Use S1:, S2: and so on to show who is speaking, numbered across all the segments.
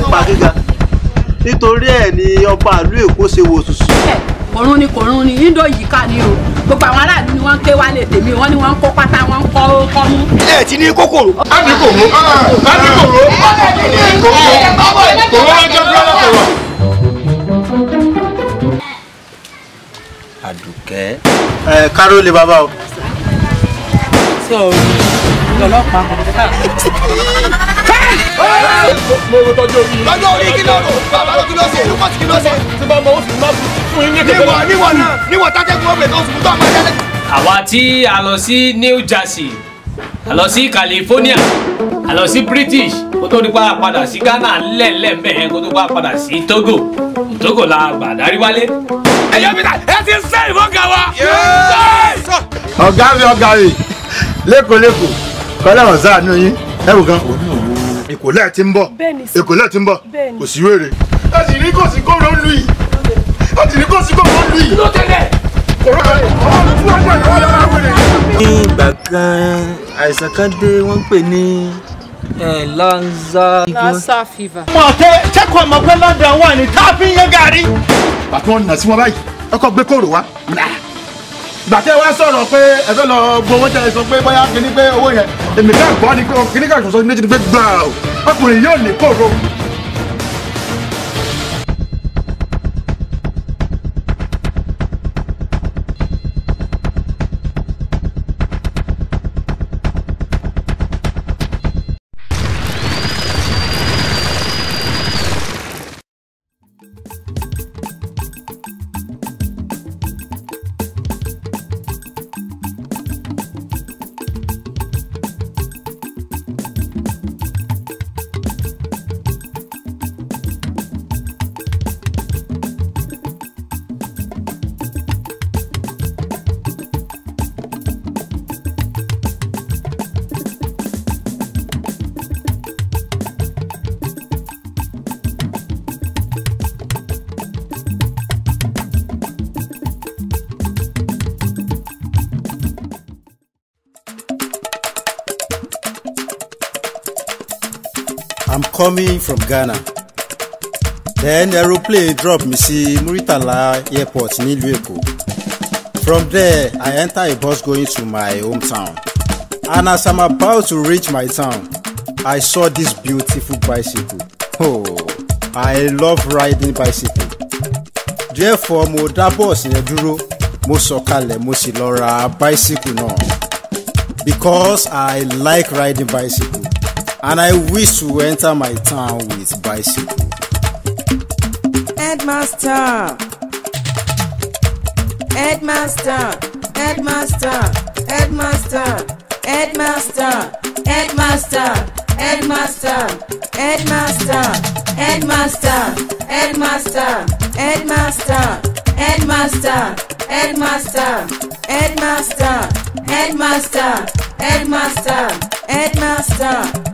S1: pupa gíga nítorí ẹ̀ ni ọba ìlú èkó ṣe wò sùsù.
S2: kòrún ni kòrún ni indo yìí ká ni o gbogbo àwọn aráàlú ni wọ́n ń ké wálé tèmi wọ́n ní wọ́n kó pátá wọ́n ń kọ́ ọkọ́ mú. ẹ ti ní kòkòrò. a ní kòrò a ní kòrò
S1: kòrò lọ́jọ́
S2: fúlọ́wọ́ kòrò.
S1: àdùkẹ́. ẹ káró lè bàbá o.
S3: ṣé o rí ọlọ́pàá
S4: mo
S1: wo
S2: àwa tí a lọ sí New Jersey a lọ sí California a lọ sí British kó tó nípa padà sí Ghana lẹ́ẹ̀lẹ́ kó tó nípa padà sí Togo Togo la gbàdárí wálé. ẹ yọ bìtà ẹ ti ṣe ìfọ̀gà wa.
S1: ọ̀gá mi ọ̀gá mi lẹ́kọ̀ọ́ lẹ́kọ̀ọ́ kọ́lẹ́ ọ̀sán àánú yín ẹ̀wù kan òun náà wò ìkòlẹ́ ti ń bọ̀ ìkòlẹ́ ti ń bọ̀ kò sí wèrè. a sì rí kò sí kóró lu yìí a sì rí kò sí kóró lu yìí. kúló tẹ̀lé. kòró tẹ̀lé ọmọ mi tí wọ́n pè ní ọlọ́wọ́ wèrè. ní ìgbà kan àìsàn kan dé wọ́n pè ní lanza. lanza fever. mo àtẹ tẹkọ ọmọ pé london wà ní táàfin yẹn gàrí. bàtú wọn nà sí wọn báyìí ọkọ gbé kóró wa gbàtẹ́ wá sọ̀rọ̀ pé ẹ fẹ́ lọ gbowó tẹ ẹ sọ pé bóyá kíní pé owó yẹn èmi ká gbọ́ ni kíní ká sọ̀sọ́ ní ti gbé gbà ọkùnrin yóò ní kóró coming from Ghana then aeroplane dropped me See Muritala airport nílùú Èkó from there I enter a bus going to my hometown and as I'm about to reach my town I saw this beautiful bicycle oh I love riding bicycle therefore mo dá bọ́ọ̀sì yẹn dúró mo sọ̀kalẹ̀ mo sì bicycle náà because I like riding bicycle and I wish to enter my town with bicycle. Headmaster!
S3: Headmaster! Headmaster! Headmaster! Headmaster! Headmaster! Headmaster! Headmaster! Headmaster! Headmaster! Headmaster! Headmaster, headmaster, headmaster, headmaster, headmaster, headmaster.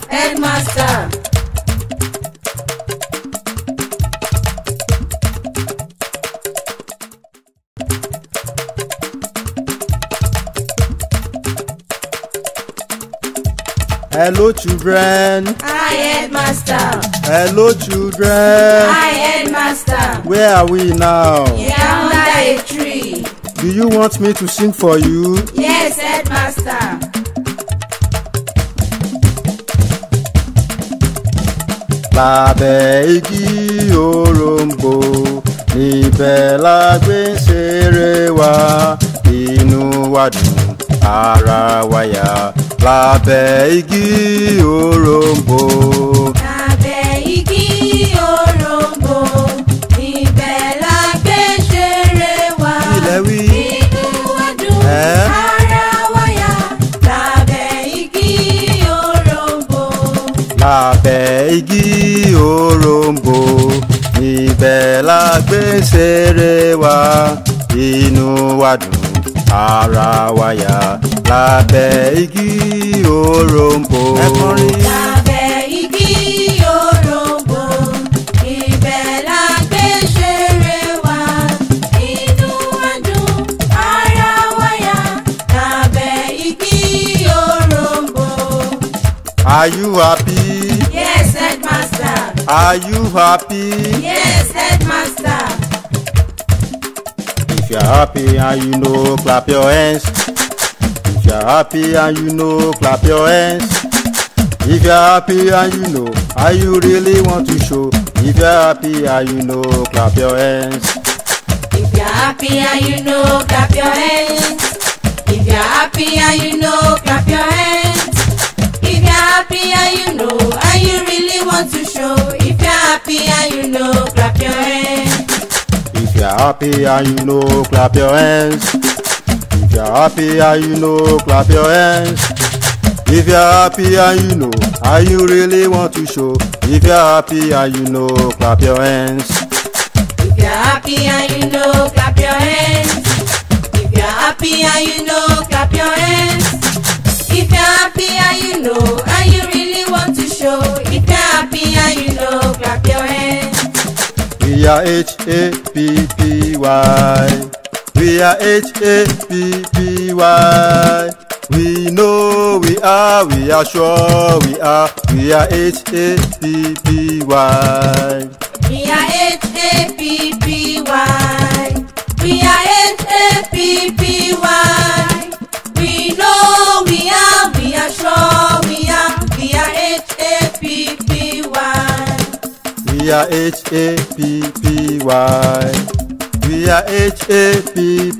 S3: headmaster.
S1: Hello, children.
S3: Hi, headmaster.
S1: Hello, children. Hi,
S3: headmaster.
S1: Where are we now? We
S3: are under a tree.
S1: Do you want me to sing for you?
S3: Yes, headmaster.
S1: lábẹ́ igi òróǹbó níbẹ̀ la gbé ń ṣeré wa inú wa dùn ara wa yá lábẹ́ igi òróǹbó. lábẹ́ igi òrombó ibẹ̀ la gbé ṣeré wa inú wa dùn ara wa yá lábẹ́ igi òrombó. ẹkùnrin
S2: lábẹ́ igi òrombó ibẹ̀ ara wa yá lábẹ́
S1: Are you happy? Are you happy?
S2: Yes, headmaster.
S1: If you're happy and you know, clap your hands. If you're happy and you know, clap your hands. If you're happy and you know, are you really want to show. If you're happy and you know, clap your hands.
S2: If you're happy and you know, clap your hands. If you're happy and you know, clap your hands. If you're happy and you know, are you really want to show. happy and you know, clap your hands.
S1: If you're happy and you know, clap your hands. If you're happy and you know, clap your hands. If you're happy and you know, how you really want to show. If you're happy and you know, clap your hands.
S2: If you're happy and you know, clap your hands. If you're happy and you know, clap your hands. If you're happy and you know, how you really want to show. If you're happy and you know, clap your hands.
S1: We are H A P P Y. We are H A P P Y. We know we are, we are sure we are. We are H A P P Y.
S2: We are H A P P Y. We are H A P P Y.
S1: We are happy. We are happy.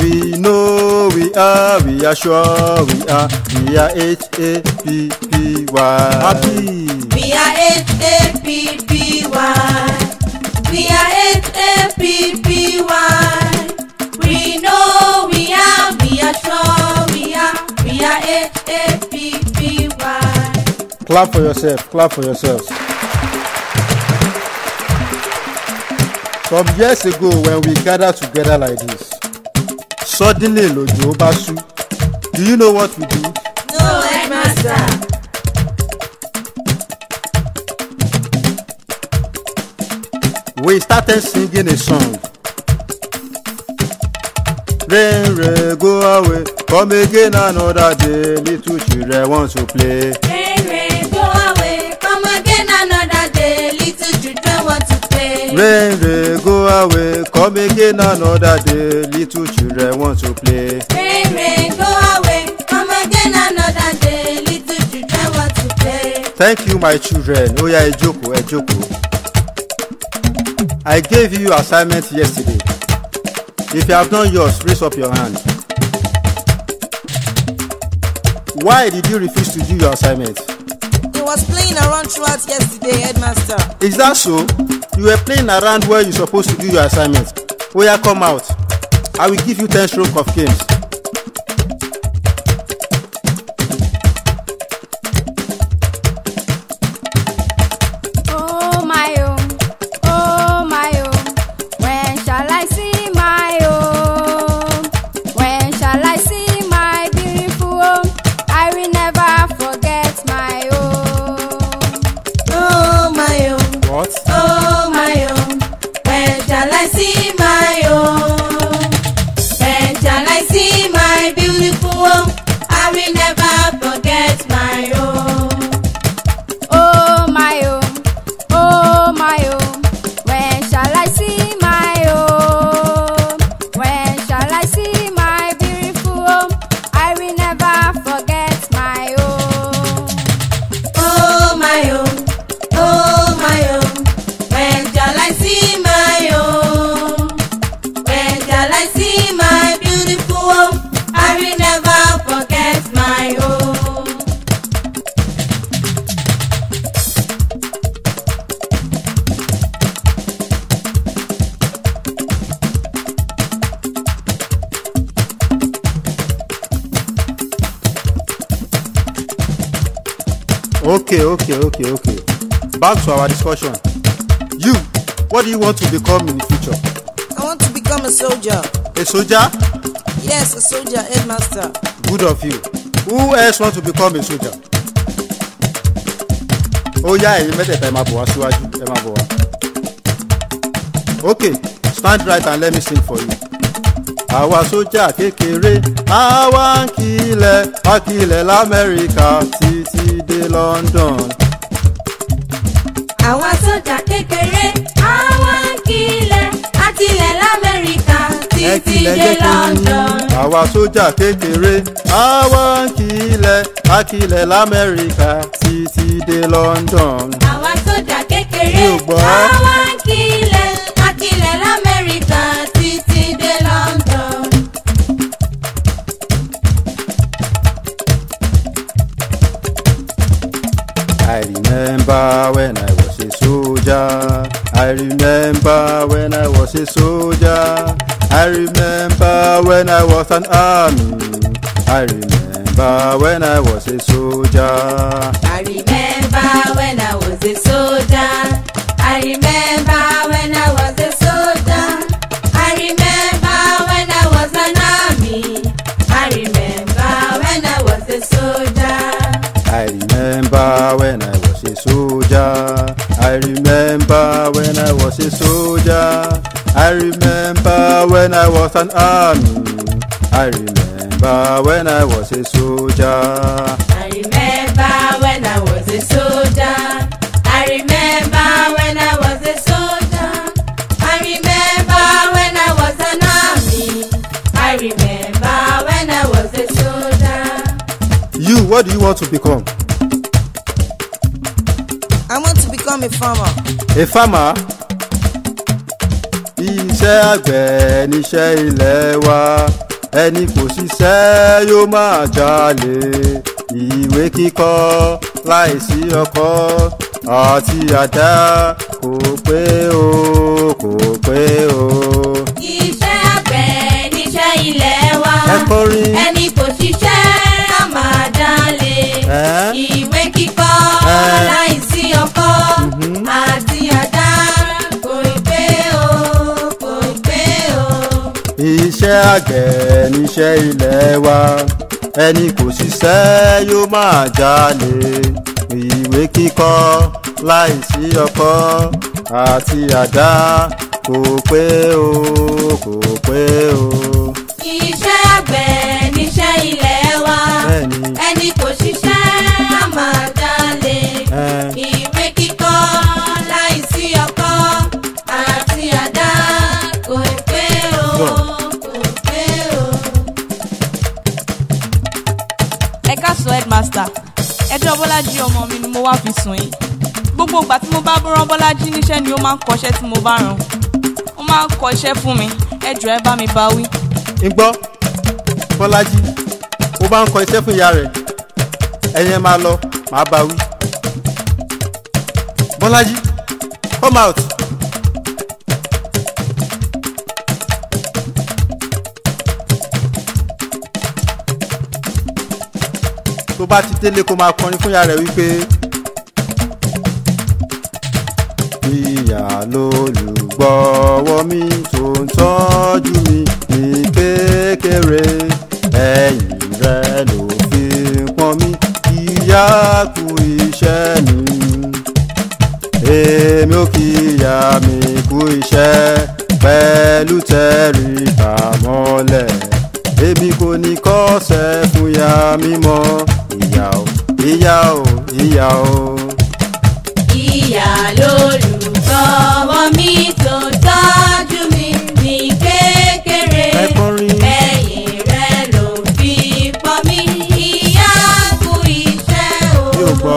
S1: We know we are, we are sure we are. We are happy. Happy. We are happy.
S2: We are happy. We know we are, we are sure we are. We are happy.
S1: Clap for yourself. Clap for yourselves. Some years ago when we gathered together like this, suddenly lòjò bá Do you know what we do?
S2: No, headmaster.
S1: we started singing a song. Then rain, go away, come again another day, little children want to play.
S2: Rain. Rain,
S1: rain, go away, come again another day. Little children want to play.
S2: Rain, rain, go away, come again another day. Little children want to play.
S1: Thank you, my children. Oya ẹ jókòó, ẹ jókòó. I gave you assignment yesterday. If you have done yours, raise up your hand. Why did you refuse to do your assignment?
S5: was playing around throughout yesterday, headmaster.
S1: Is that so? You were playing around where you supposed to do your assignment. Oya, come out. I will give you ten strokes of games. Okay, okay, okay, okay. Back to our discussion. You, what do you want to become in the future?
S5: I want to become a soldier. A soldier? Yes, a soldier, headmaster.
S1: Good of you. Who else want to become a soldier? Ó yá ẹ̀yin mẹ́tẹ̀ẹ̀ta ẹ máa bọ̀ wá síwájú ẹ máa bọ̀ wá. Okay, stand right and let me sing for you àwa sójà kékeré àwa ń kilẹ̀ a kilẹ̀ lamẹ́ríkà títí dé London.
S2: àwa sójà kékeré àwa ń kilẹ̀ a kilẹ̀ lamẹ́ríkà títí dé London.
S1: àwa sójà kékeré àwa ń kilẹ̀ a kilẹ̀ lamẹ́ríkà títí dé London.
S2: àwa sójà kékeré àwa ń kilẹ̀.
S1: I remember when I was a soldier. I remember when I was a soldier. I remember when I was an army. I remember when I was a soldier. I
S2: remember when I was a soldier. I remember.
S1: soldier. I remember when I was a soldier. I remember when I was an army. I remember when I was a soldier. I
S2: remember when I was a soldier. I remember when I was a soldier. I remember when I was an army. I remember when
S5: I was a
S1: soldier. You, what do you want to become? become a farmer. a farmer. iṣẹ́ àgbẹ̀ níṣẹ́ ilé wa ẹni kò ṣiṣẹ́ yóò máa jalè ìwé kíkọ́ láìsí ọkọ́ àti àdá kò pé o kò pé o. iṣẹ́
S2: àgbẹ̀ níṣẹ́ ilé wa. ẹ
S1: kọrin. iṣẹ́ àgbẹ̀ níṣẹ́ ilẹ̀ wa ẹni kò ṣiṣẹ́ yóò máa jalè ìwé kíkọ́ láìsí ọkọ́ àti àdá kò pé o kò pé o.
S2: iṣẹ́ àgbẹ̀.
S4: máa ń kọṣẹ́ tí mo bá ràn ó máa ń kọṣẹ́ fún mi ẹ jọ̀ọ́ ẹ bá mi bá wí.
S1: ń gbọ́ Bọ́lájí ó bá ń kọ iṣẹ́ fún ìyá rẹ̀ ẹ̀yin máa lọ màá bá wí. Bọ́lájí come out. tó bá ti délé kó máa kọrin fún ìyá rẹ̀ wípé. lolùgbọ́wọ́ mi tó ń tọ́jú mi ní kékeré ẹ̀yìn rẹ ló fi pọ́n mi ìyá kú iṣẹ́ mi èmi ò kí ìyá mi kú iṣẹ́ pẹ̀lú tẹ̀rí ìbámọ́lẹ̀ èmi kò ní kọ́sẹ̀ fún ya mímọ́ ìyá o ìyá o ìyá o.
S2: ìyá lólu ọmọ mi tó tọ́jú mi ní kékeré ẹ̀yìn rẹ̀ ló fi pọ́n mi ìyá kú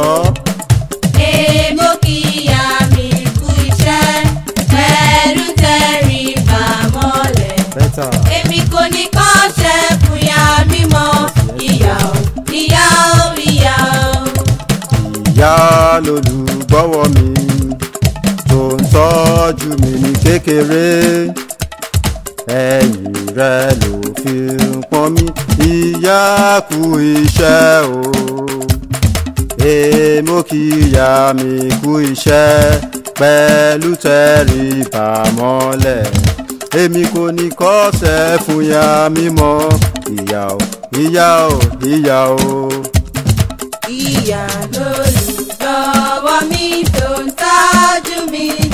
S2: o. èèmọ̀ kí ìyá mi kú iṣẹ́ pẹ̀lú tẹ̀rí bàmọ́lẹ̀. èmi kò ní kọ́ ṣe fún ìyá mi mọ́ ìyá o ìyá o ìyá
S1: o. ìyá mi tọ́jú mi ní kékeré ẹ̀yìn rẹ ló fi ń pọ́n mi ìyá kú iṣẹ́ o èèmọ̀ kí ìyá mi kú iṣẹ́ pẹ̀lú tẹ̀rí ìbámọ́lẹ̀ èmi kò ní kọ́sẹ̀ fún ya mímọ́ ìyá o ìyá o ìyá o.
S2: ìyá ló lù lọ́wọ́ mi.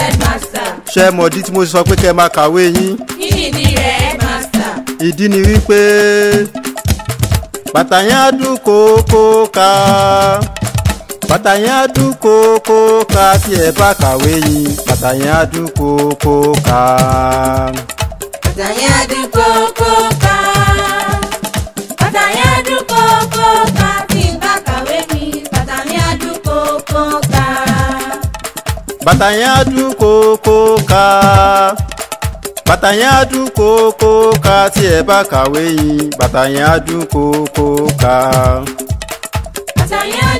S2: headmaster.
S1: ṣé mo di tí mo sọ pé kẹ́ ẹ máa kàwé yín.
S2: kí ni ìdí rẹ̀ headmaster.
S1: ìdí ni wípé bàtà yẹn á dún kókó ká bàtà yẹn á dún kókó ká tí ẹ bá kàwé yín bàtà yẹn á dún kókó ká.
S2: bàtà yẹn á dún kókó ká.
S1: bàtà yẹn á dún kókó ká bàtà yẹn á dún kókó ká tí ẹ bá kàwé yín bàtà yẹn á dún kókó ká.
S2: bàtà yẹn á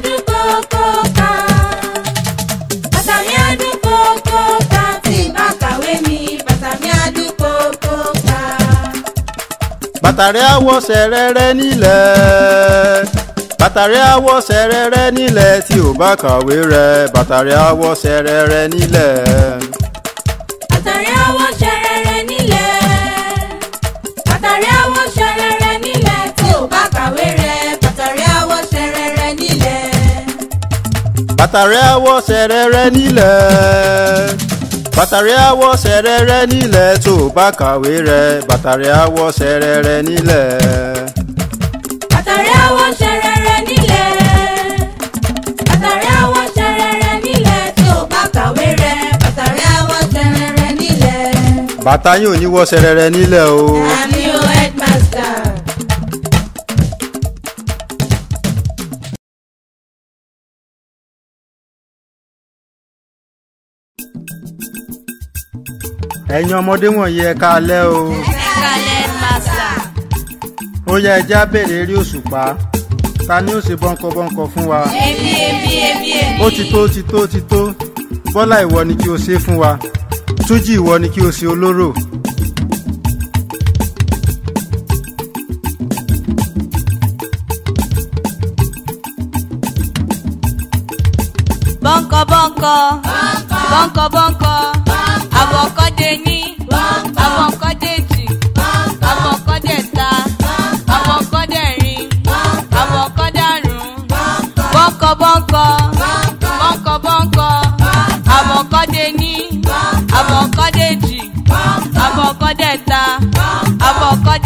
S2: tí bá kàwé mi bàtà mi á dún kókó ká.
S1: bàtà rẹ̀ á wọṣẹ̀ rẹ́rẹ́ nílẹ̀ bàtàrẹ àwọ̀ sẹ̀rẹ̀rẹ̀ nílẹ̀ tí ò bá kàwé rẹ̀ bàtàrẹ àwọ̀ sẹ̀rẹ̀rẹ̀ nílẹ̀.
S2: bàtàrẹ àwọ̀ sẹ̀rẹ̀rẹ̀ nílẹ̀ bàtàrẹ àwọ̀ sẹ̀rẹ̀rẹ̀ nílẹ̀ tí ò bá kàwé rẹ̀ bàtàrẹ àwọ̀ sẹ̀rẹ̀rẹ̀ nílẹ̀.
S1: bàtàrẹ àwọ̀ sẹ̀rẹ̀rẹ̀ nílẹ̀ bàtàrí àwọ̀ sẹ̀rẹ̀rẹ̀ nílẹ̀ tó bá kàwé rẹ̀ bàtàrí àwọ̀ sẹ̀rẹ̀rẹ̀ nílẹ̀. bàtà yín ní wọ́ sẹrẹrẹ nílẹ̀ o.
S2: headmaster.
S1: ẹ̀yin ọmọdé wọ̀nyí ẹ káalẹ́ o. ẹ
S4: káalẹ́ headmaster.
S1: ó yẹ ẹ já béèrè eré òṣùpá ta ni ó ṣe bọ́ńkọ́bọ́ńkọ́ fún wa.
S2: èmi èmi èmi èmi. ó
S1: ti tó ó ti tó ó ti tó bọ́lá ìwọ ni kí o ṣe fún wa. Túnjí ìwọ ni kí o ṣe olóró.
S4: bọ́ńkọ́ bọ́ńkọ́ bọ́ńkọ́ àwọn kan dé ní àwọn kan dé jì àwọn kan ta àwọn rìn àwọn kan bọ́ńkọ́ bọ́ńkọ́.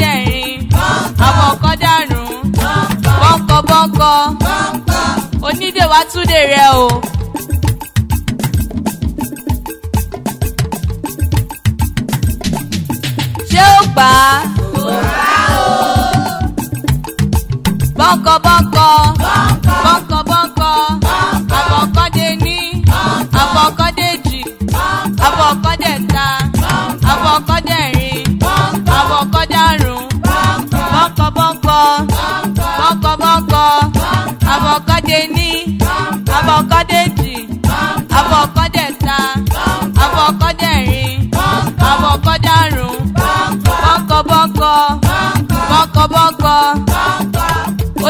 S4: dẹ̀rín àwọn kan dàrún bọ́ńkọ́bọ́ńkọ́ onídè wa túnde rẹ o. ṣé ó gbà á. kò rà o.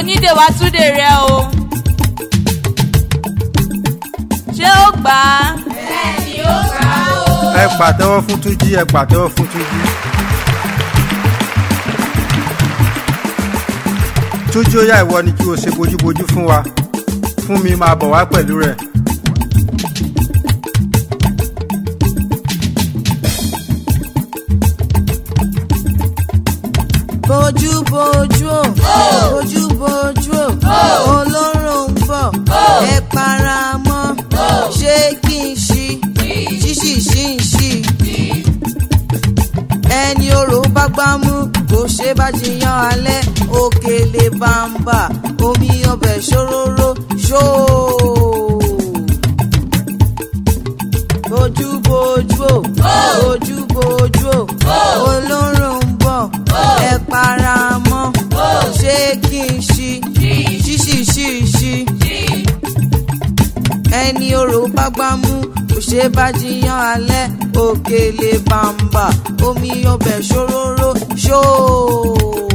S4: onídè wa túndè rẹ o ṣé ó gbà á. bẹ́ẹ̀ni ó
S1: gbà á o. ẹ pàtẹ́wọ́ fún túnjí ẹ pàtẹ́wọ́ fún túnjí. túnjí ó yá ìwọ ni kí o ṣe bójúbójú fún wa fún mi máa bọ̀ wá pẹ̀lú rẹ̀.
S5: bámú kò ṣe bá jiyàn alẹ́ òkèlè bàǹbà omi ọbẹ̀ ṣòróró ṣóò. ojúbojú ojúbojú olórùn ń bọ̀ ẹ para mọ́ ṣé kí n ṣe. ẹni orò bá gbá mú kò ṣe bá jiyàn alẹ́ òkèlè bàǹbà omi ọbẹ̀ ṣòróró ṣóò.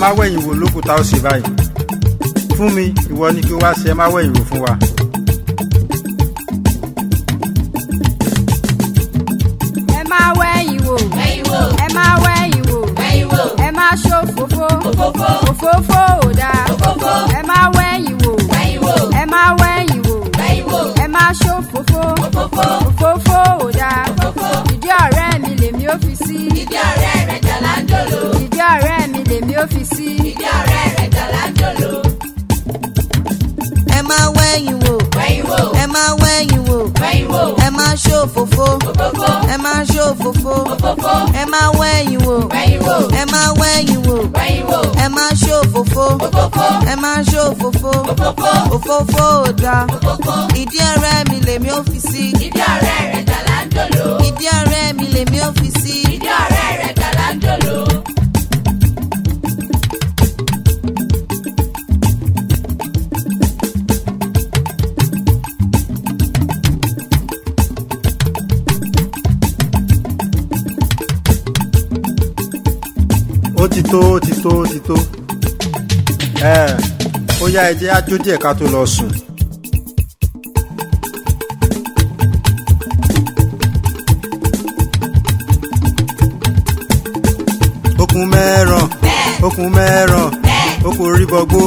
S1: má wẹ̀yìn wò lókùn tá ó ṣe báyìí fún mi ìwọ ni kí o wá ṣe ẹ má wẹ̀yìn wò fún wa.
S2: ẹ má wẹ̀yìn wò ẹ má wẹ̀yìn wò ẹ má ṣòfófó òfófó ò dáa ẹ má wẹ̀yìn wò ẹ má wẹ̀yìn wò ẹ má ṣòfófó òfófó ò dáa ìdí ọ̀rẹ́ mi lèmi ó fi sí ìdí ọ̀rẹ́ rẹ̀ jàlá ń
S5: dòlò ìdí ọ̀rẹ́ lèmi ó fi sí. ìdí ọ̀rẹ́ rẹ̀ jàlájòló. ẹ máa wẹ̀yìn wò. wẹ̀yìn wò. ẹ máa wẹ̀yìn wò. wẹ̀yìn wò. ẹ máa ṣòfófó. òfófó. ẹ máa ṣòfófó. òfófó. ẹ máa wẹ̀yìn wò. wẹ̀yìn wò. ẹ máa wẹ̀yìn wò. wẹ̀yìn wò. ẹ máa ṣòfófó. òfófó. ẹ máa ṣòfófó. òfófó. òfófó ò dáa. òfófó. ìdí ọ̀rẹ́ mi lèmi ó fi sí. ìdí ọ̀rẹ́ rẹ̀ jàlájòló. ìdí ọ̀rẹ́ mi lèmi ó fi sí. ìdí ọ̀rẹ́ rẹ̀
S1: tó ti tó ti tó ó yá ẹ jẹ́ ájó díẹ̀ ká tó lọ sùn. okùn mẹ́ràn okùn mẹ́ràn okùn orí bọgbó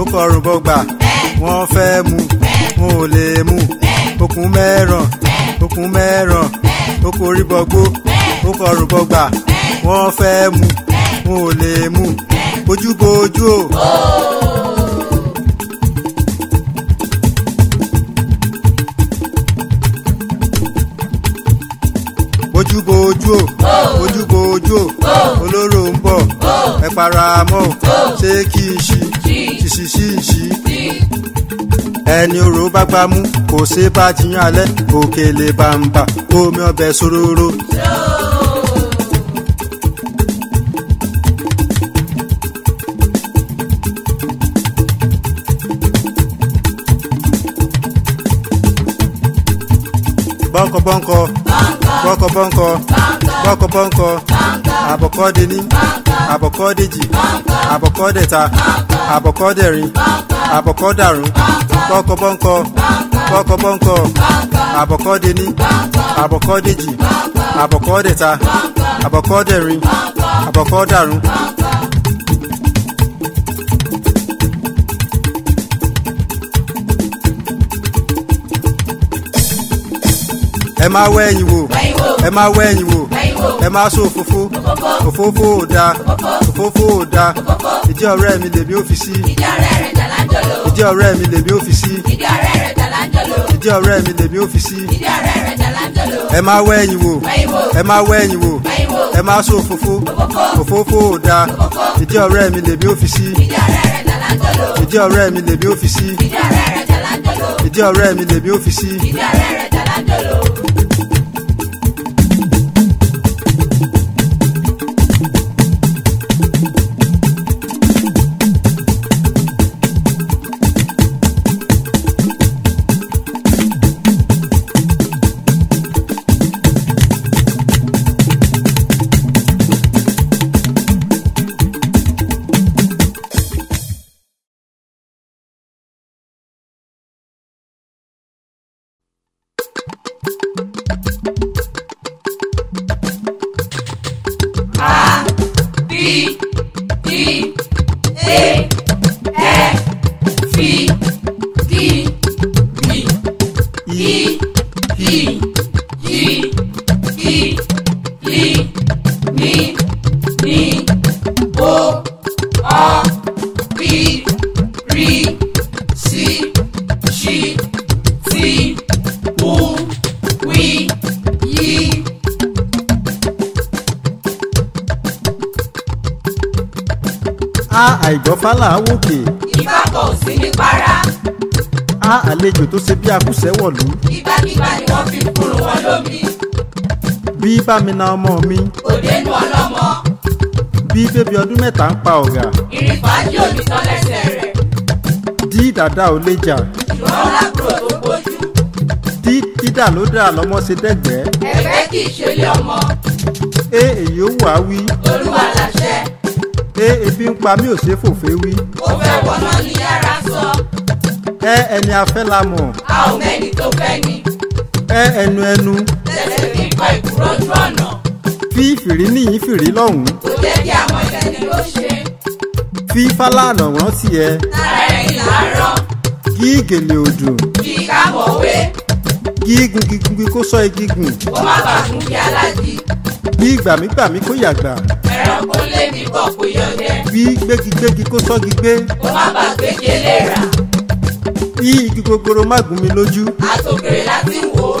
S1: okùn wọ́n fẹ́ mu wọn ò lè mu okùn mẹ́ràn okùn mẹ́ràn okùn orí bọgbó okùn wọ́n fẹ́ mu n ò lè mú ojúbojú o. ojúbojú o ojúbojú o olóró ń bọ̀ ẹ para mọ́ ṣé kí n ṣí ṣìṣì ṣìṣì ẹni oró bá gbá mú kò ṣe bá jiyàn alẹ́ òkèlè bàǹbà omi ọbẹ̀ ṣòroro. bọ́ńkọ bọ́ńkọ bọ́ńkọ bọ́ńkọ bọ́ńkọ bọ́ńkọ àbọ̀kọ́dẹ́ni àbọ̀kọ́dẹ́jì àbọ̀kọ́dẹ́ta àbọ̀kọ́dẹ́rin àbọ̀kọ́dàrún bọ́ńkọ bọ́ńkọ bọ́ńkọ bọ́ńkọ àbọ̀kọ́dẹ́ni àbọ̀kọ́dẹ́jì àbọ̀kọ́dẹ́ta àbọ̀kọ́dẹ́rin àbọ̀kọ́dàrún. ẹ máa wẹ́ ẹ̀yìn wò ẹ máa wẹ́ ẹ̀yìn wò ẹ máa sọ òfófó òfófó ò da òfófó ò da ìdí ọ̀rẹ́ mi lèmi ò fi sí ìdí ọ̀rẹ́ mi lèmi ò fi sí ìdí ọ̀rẹ́ mi lèmi ò fi sí ẹ máa wẹ́ ẹ̀yìn wò
S2: ẹ máa wẹ́ ẹ̀yìn wò ẹ
S1: máa sọ òfófó òfófó ò da ìdí ọ̀rẹ́ mi lèmi ò fi sí ìdí ọ̀rẹ́ mi lèmi ò fi sí ìdí ọ̀rẹ́ mi lèmi ò fi sí ìdí ọ̀rẹ́ rẹ̀ tàlájọ́ lò. àjọfálà wòkè. ìbá kò sí ní para. a àlejò tó ṣe bí akúṣẹ̀ wọ̀lú. ìbákígbá
S2: ni wọ́n fi kúrò wọn lómi.
S1: bí bá mi na ọmọ mi. òdenu ọlọ́mọ. bí bébí ọdún mẹ́ta ń pa ọ̀gà.
S2: ìrìnfàájì ò ní tán lẹ́sẹ̀ rẹ̀.
S1: dí dàda ò lè jà. ìwọ́n lákòrò tó gbójú. dí dídà ló dà lọ́mọ ṣe dẹ́gbẹ́.
S2: ẹ̀fẹ́ kì í ṣe ọmọ.
S1: ẹ èyí ó wà á wí. olúwa làṣẹ ẹ ebi ń pa mí ò ṣe fòfé wí. ó fẹ́ wọná ní yàrá sọ. ẹ ẹni afẹ́ la mọ̀.
S2: a ò mẹ́ni tó fẹ́ ni.
S1: ẹ ẹnu ẹnu. tẹ̀lé
S2: fi kọ́ ìkúrò
S1: ojú ọ̀nà. fi fìrí níyìn fìrí lọ́hùn-ún. kò jẹ́
S2: kí àwọn ẹni ló ṣe.
S1: fi fálànà rántí ẹ. tara ẹ̀yìn làárọ̀. kí gèlè òdù. kí káàbọ̀ wé. kí gungi kó sọ igi gùn. kó má bàa gún bí aláàjì. bí gbàmígbàmí kó yàgbà
S2: rà kó lé mi bọ̀ kó yọdẹ.
S1: bí gbégigbégi kó sọ́gi gbé. kó má bàa gbégi eléra. bí igi gogoro má gún mi lójú. àtòkèrè láti wò ó.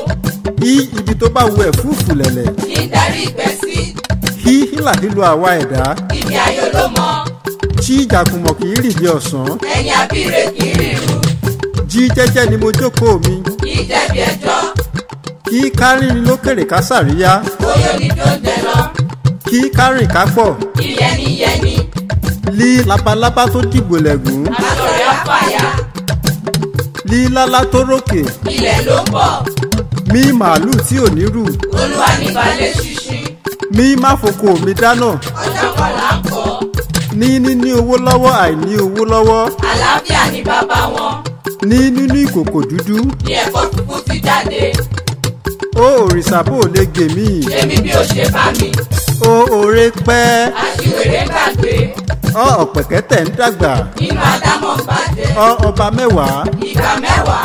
S1: bí ibi tó bá wu ẹ̀ fúfù lẹ̀lẹ̀. kí
S2: n darí ìgbẹ́ sí.
S1: kí hílà lílo àwa ẹ̀dá. ìdí ayọ̀ ló mọ. tí ìjàkùmọ̀ kì í rì bí ọ̀sán. ẹ̀yin
S2: àbíire kì í
S1: rìrù. jí jẹ́jẹ́ ni mo jókòó mi. kì í jẹ̀bi ẹjọ́ kí kárìnrin lókèrè ká sàríyá. bóyá ní tó ń tẹ lọ kí kárìn kápọ̀.
S2: ìyẹniyẹni.
S1: lí labalábá tó dìgbò lẹ́gùn. àtọ̀rẹ́ àfàyà. lí lálá tó rókè. ilẹ̀ ló pọ̀. mí màálùú tí ò ní rù.
S2: olúwa ní balẹ̀ ṣinṣin.
S1: mí má foko mi dáná. ọjà kọlá kọ. ní níní owó lọ́wọ́ àìní owó lọ́wọ́. àlàáfíà ni bàbá wọn. ní nínú ìkòkò dúdú. ní ẹ̀fọ́ tuntun ti jáde ó òrìṣà bò lè gèmí. èmi bí ó ṣe bá mi ó òre pẹ́.
S2: aṣiwèrè gbàgbé.
S1: ọ ọ̀pẹ̀kẹ́tẹ̀ ń dàgbà. inú adámọ̀ ń bàjẹ́. ọ ọba mẹ́wàá. ìgbà mẹ́wàá.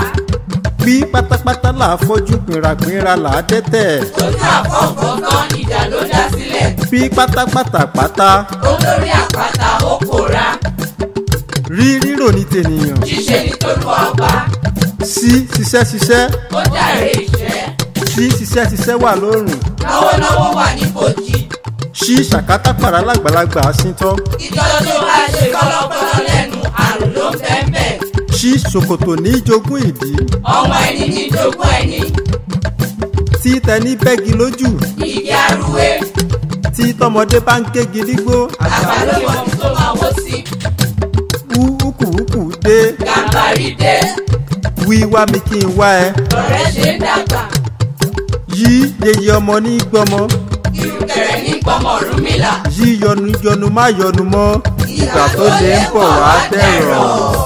S1: bí pátápátá là á fojú gbìnràgbìnra là á dẹ́tẹ̀. tó tà fọ́ọ̀fọ́ tán
S2: ìjà ló dá sílẹ̀.
S1: bí pátápátá pátá. olórí àpáta ó pòórá. rí rírò ní tènìyàn. ṣíṣe ni tolúwa ọba. sí ṣiṣẹ́ ṣiṣẹ́. ó jàre ìṣẹ́. sí ṣiṣẹ́ ṣiṣẹ́ wà lórùn. lọ́wọ́lọ́wọ́ wà ní bòjì ṣí ṣàkátà pàrà lágbàlagbà síntọ́.
S2: ìtọ́jú tó bá ṣe kọ́lọ́kọ́lọ́ lẹ́nu àrùn ló ń bẹ́ẹ̀ bẹ́ẹ̀.
S1: ṣí ṣòkòtò ní jogún ìdí. ọmọ ẹni ní jogún ẹni. tí tẹni bẹ́gi lójú. ìdí arúwé. tí tọmọdé bá ń gégi nígbó. àgbàlówó ni tó máa wó sí. wú wúkúwúkú dé. gàmbarí dé. wíwá mi kí n wá ẹ. ọ̀rẹ́ ṣe ń dàgbà. yí yeye ọmọ ní gbọmọ.
S2: ìrùkẹ̀rẹ̀ ní fọmọ Ọ̀rúnmìlà.
S1: yíyọnu yọnu má yọnu mọ́ ìgbà tó lè ń bọ̀ wá dẹ̀rọ̀.